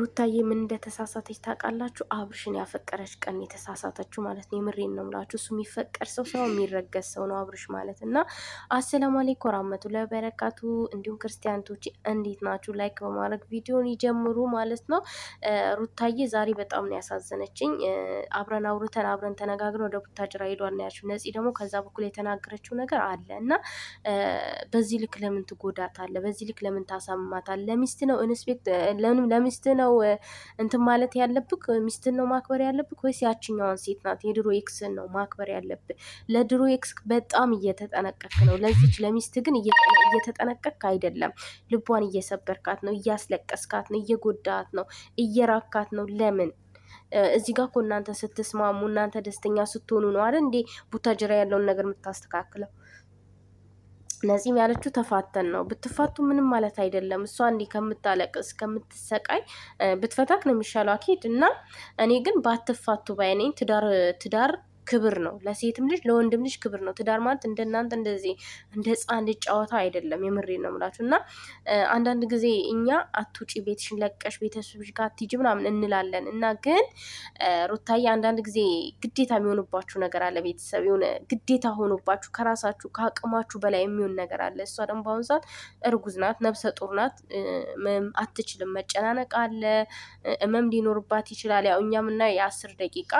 ሩታዬ ምን እንደተሳሳተች ታውቃላችሁ? አብርሽን ያፈቀረች ቀን የተሳሳተችው ማለት ነው። የምሬን ነው ምላችሁ። እሱ የሚፈቀር ሰው ሰው የሚረገዝ ሰው ነው አብርሽ ማለት እና አሰላሙ አለይኩም ወራህመቱላሂ ወበረካቱ። እንዲሁም ክርስቲያንቶች እንዴት ናችሁ? ላይክ በማድረግ ቪዲዮን ይጀምሩ ማለት ነው። ሩታዬ ዛሬ በጣም ነው ያሳዘነችኝ። አብረን አውርተን አብረን ተነጋግረን ወደ ቡታጅራ ሄዷል ነው ያልሽው ነፂ። ደግሞ ከዛ በኩል የተናገረችው ነገር አለ እና በዚህ ልክ ለምን ትጎዳታለህ? በዚህ ልክ ለምን ታሳምማታለህ? ለሚስት ነው ኢንስፔክት ለምንም ለሚስት ነው እንትን ማለት ያለብክ? ሚስትን ነው ማክበር ያለብክ ወይስ ያችኛዋን ሴት ናት የድሮ ኤክስን ነው ማክበር ያለብህ? ለድሮ ኤክስ በጣም እየተጠነቀክ ነው። ለዚች ለሚስት ግን እየተጠነቀክ አይደለም። ልቧን እየሰበርካት ነው፣ እያስለቀስካት ነው፣ እየጎዳት ነው፣ እየራካት ነው። ለምን? እዚህ ጋር እኮ እናንተ ስትስማሙ እናንተ ደስተኛ ስትሆኑ ነው አይደል እንዴ ቡታጅራ ያለውን ነገር የምታስተካክለው። ነፂም ያለችው ተፋተን ነው። ብትፋቱ ምንም ማለት አይደለም። እሷ እንዲ ከምታለቅስ ከምትሰቃይ ብትፈታክ ነው የሚሻለው አኬድ እና እኔ ግን ባትፋቱ ባይነኝ ትዳር ትዳር ክብር ነው። ለሴትም ልጅ ለወንድም ልጅ ክብር ነው። ትዳር ማለት እንደናንተ እንደዚህ እንደ ህፃን ልጅ ጨዋታ አይደለም። የምሬ ነው የምላችሁ እና አንዳንድ ጊዜ እኛ አትውጪ ቤትሽን ለቀሽ ቤተሰብሽ ጋር አትሂጂ ምናምን እንላለን እና ግን ሩታዬ አንዳንድ ጊዜ ግዴታ የሚሆንባችሁ ነገር አለ። ቤተሰብ የሆነ ግዴታ ሆኖባችሁ ከራሳችሁ ከአቅማችሁ በላይ የሚሆን ነገር አለ። እሷ ደግሞ በአሁኑ ሰዓት እርጉዝ ናት፣ ነብሰ ጡር ናት፣ አትችልም። መጨናነቅ አለ፣ እመም ሊኖርባት ይችላል። ያው እኛ እና የአስር ደቂቃ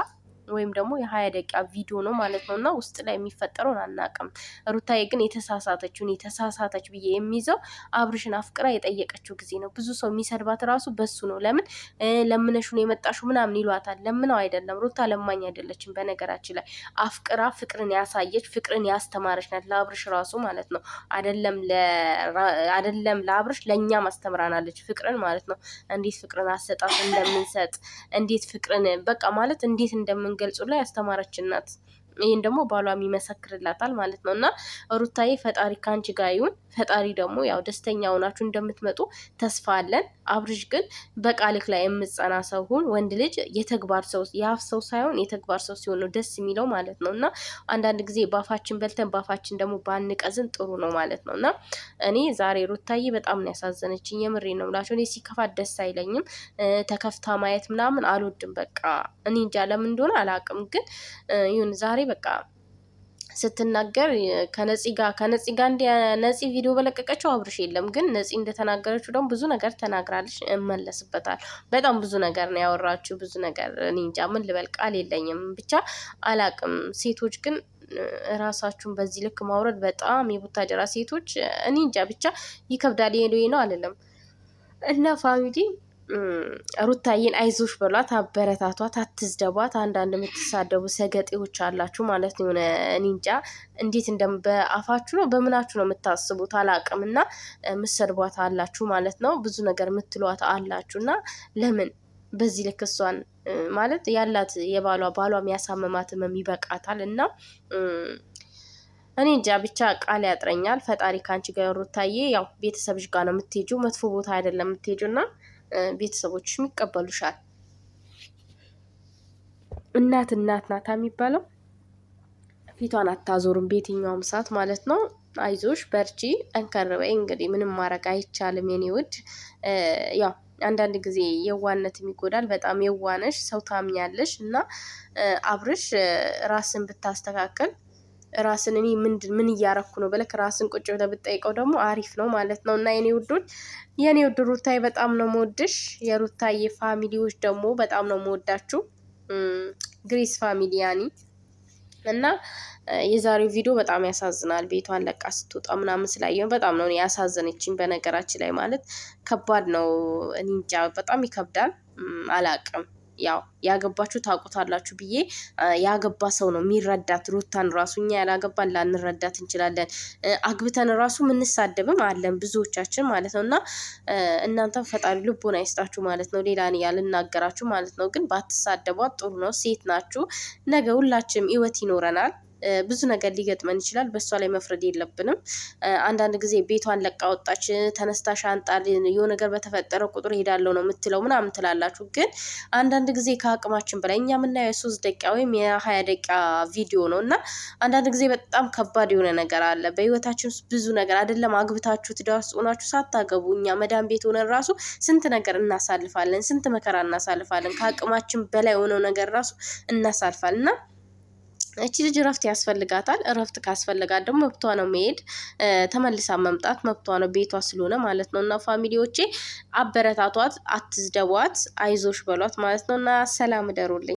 ወይም ደግሞ የሀያ ደቂቃ ቪዲዮ ነው ማለት ነው እና ውስጥ ላይ የሚፈጠረውን አናቅም። ሩታዬ ግን የተሳሳተችውን የተሳሳተች ብዬ የሚይዘው አብርሽን አፍቅራ የጠየቀችው ጊዜ ነው። ብዙ ሰው የሚሰድባት ራሱ በሱ ነው። ለምን ለምነሹ ነው የመጣሹ ምናምን ይሏታል። ለምነው አይደለም። ሩታ ለማኝ አይደለችም። በነገራችን ላይ አፍቅራ ፍቅርን ያሳየች ፍቅርን ያስተማረች ናት። ለአብርሽ ራሱ ማለት ነው አደለም አደለም ለአብርሽ ለእኛ ማስተምራናለች ፍቅርን ማለት ነው። እንዴት ፍቅርን አሰጣት እንደምንሰጥ እንዴት ፍቅርን በቃ ማለት እንዴት እንደምን ገልጹ ላይ አስተማረችን ይህን ደግሞ ባሏም ይመሰክርላታል ማለት ነው። እና ሩታዬ ፈጣሪ ከአንቺ ጋር ይሁን። ፈጣሪ ደግሞ ያው ደስተኛ ሆናችሁ እንደምትመጡ ተስፋ አለን። አብርሽ ግን በቃልክ ላይ የምጸና ሰው ሁን። ወንድ ልጅ የተግባር ሰው የአፍ ሰው ሳይሆን የተግባር ሰው ሲሆን ነው ደስ የሚለው ማለት ነው እና አንዳንድ ጊዜ ባፋችን በልተን ባፋችን ደግሞ ባንቀዝን ጥሩ ነው ማለት ነው እና እኔ ዛሬ ሩታዬ በጣም ነው ያሳዘነችኝ። የምሬ ነው የምላቸው። እኔ ሲከፋት ደስ አይለኝም። ተከፍታ ማየት ምናምን አልወድም። በቃ እኔ እንጃ ለምን እንደሆነ አላውቅም፣ ግን ይሁን ዛሬ በቃ ስትናገር ከነፂ ጋር ከነፂ ጋር እንዲ ነፂ ቪዲዮ በለቀቀችው አብርሽ የለም። ግን ነፂ እንደተናገረችው ደግሞ ብዙ ነገር ተናግራለች። እመለስበታል። በጣም ብዙ ነገር ነው ያወራችው። ብዙ ነገር እኔ እንጃ ምን ልበል፣ ቃል የለኝም። ብቻ አላቅም። ሴቶች ግን ራሳችሁን በዚህ ልክ ማውረድ በጣም የቡታጀራ ሴቶች እኔ እንጃ ብቻ ይከብዳል። ሄዶ ነው አልልም እና ፋሚሊ ሩታዬን አይዞሽ በሏት፣ አበረታቷት፣ አትዝደቧት አንዳንድ የምትሳደቡ ሰገጤዎች አላችሁ ማለት ነው። የሆነ እኔ እንጃ እንዴት እንደ በአፋችሁ ነው በምናችሁ ነው የምታስቡት አላቅም። እና የምትሰድቧት አላችሁ ማለት ነው። ብዙ ነገር የምትሏት አላችሁ እና ለምን በዚህ ልክ እሷን ማለት ያላት የባሏ ባሏ የሚያሳምማትም ይበቃታል እና እኔ እንጃ ብቻ ቃል ያጥረኛል። ፈጣሪ ከአንቺ ጋር ሩታዬ። ያው ቤተሰብሽ ጋር ነው የምትሄጁ፣ መጥፎ ቦታ አይደለም የምትሄጁ እና ቤተሰቦች ይቀበሉሻል። እናት እናት ናታ የሚባለው ፊቷን አታዞርም በየትኛውም ሰዓት ማለት ነው። አይዞሽ በርቺ፣ ጠንከር በይ። እንግዲህ ምንም ማድረግ አይቻልም የኔ ውድ ያው አንዳንድ ጊዜ የዋነት ይጎዳል። በጣም የዋነሽ ሰው ታምኛለሽ እና አብርሽ ራስን ብታስተካከል ራስን እኔ ምንድን ምን እያረኩ ነው ብለህ ራስን ቁጭ ብለህ ብትጠይቀው ደግሞ አሪፍ ነው ማለት ነው። እና የኔ ውዶች የኔ ውድ ሩታዬ በጣም ነው መወድሽ። የሩታዬ ፋሚሊዎች ደግሞ በጣም ነው መወዳችሁ። ግሬስ ፋሚሊ ያኒ እና የዛሬው ቪዲዮ በጣም ያሳዝናል። ቤቷን ለቃ ስትወጣ ምናምን ስላየው በጣም ነው ያሳዘነችኝ። በነገራችን ላይ ማለት ከባድ ነው። እኔ እንጃ በጣም ይከብዳል። አላቅም ያው ያገባችሁ ታውቁታላችሁ ብዬ ያገባ ሰው ነው የሚረዳት ሩታን ራሱ እኛ ያላገባን ላንረዳት እንችላለን። አግብተን ራሱ ምንሳደብም አለን ብዙዎቻችን ማለት ነው። እና እናንተም ፈጣሪ ልቦና አይስጣችሁ ማለት ነው። ሌላ ያልናገራችሁ ማለት ነው። ግን ባትሳደቧት ጥሩ ነው። ሴት ናችሁ። ነገ ሁላችንም ህይወት ይኖረናል። ብዙ ነገር ሊገጥመን ይችላል። በእሷ ላይ መፍረድ የለብንም። አንዳንድ ጊዜ ቤቷን ለቃ ወጣች፣ ተነስታ ሻንጣ የሆነ ነገር በተፈጠረ ቁጥር ሄዳለው ነው የምትለው ምናምን ትላላችሁ። ግን አንዳንድ ጊዜ ከአቅማችን በላይ እኛ የምናየው የሶስት ደቂቃ ወይም የሀያ ደቂቃ ቪዲዮ ነው እና አንዳንድ ጊዜ በጣም ከባድ የሆነ ነገር አለ በህይወታችን ውስጥ ብዙ ነገር አይደለም። አግብታችሁ ትዳር ውስጥ ሆናችሁ ሳታገቡ እኛ መዳን ቤት ሆነን ራሱ ስንት ነገር እናሳልፋለን፣ ስንት መከራ እናሳልፋለን። ከአቅማችን በላይ የሆነው ነገር ራሱ እናሳልፋል እና እቺ ልጅ እረፍት ያስፈልጋታል። እረፍት ካስፈልጋት ደግሞ መብቷ ነው መሄድ ተመልሳ መምጣት መብቷ ነው ቤቷ ስለሆነ ማለት ነው። እና ፋሚሊዎቼ አበረታቷት፣ አትዝደቧት፣ አይዞሽ በሏት ማለት ነው። እና ሰላም እደሩልኝ።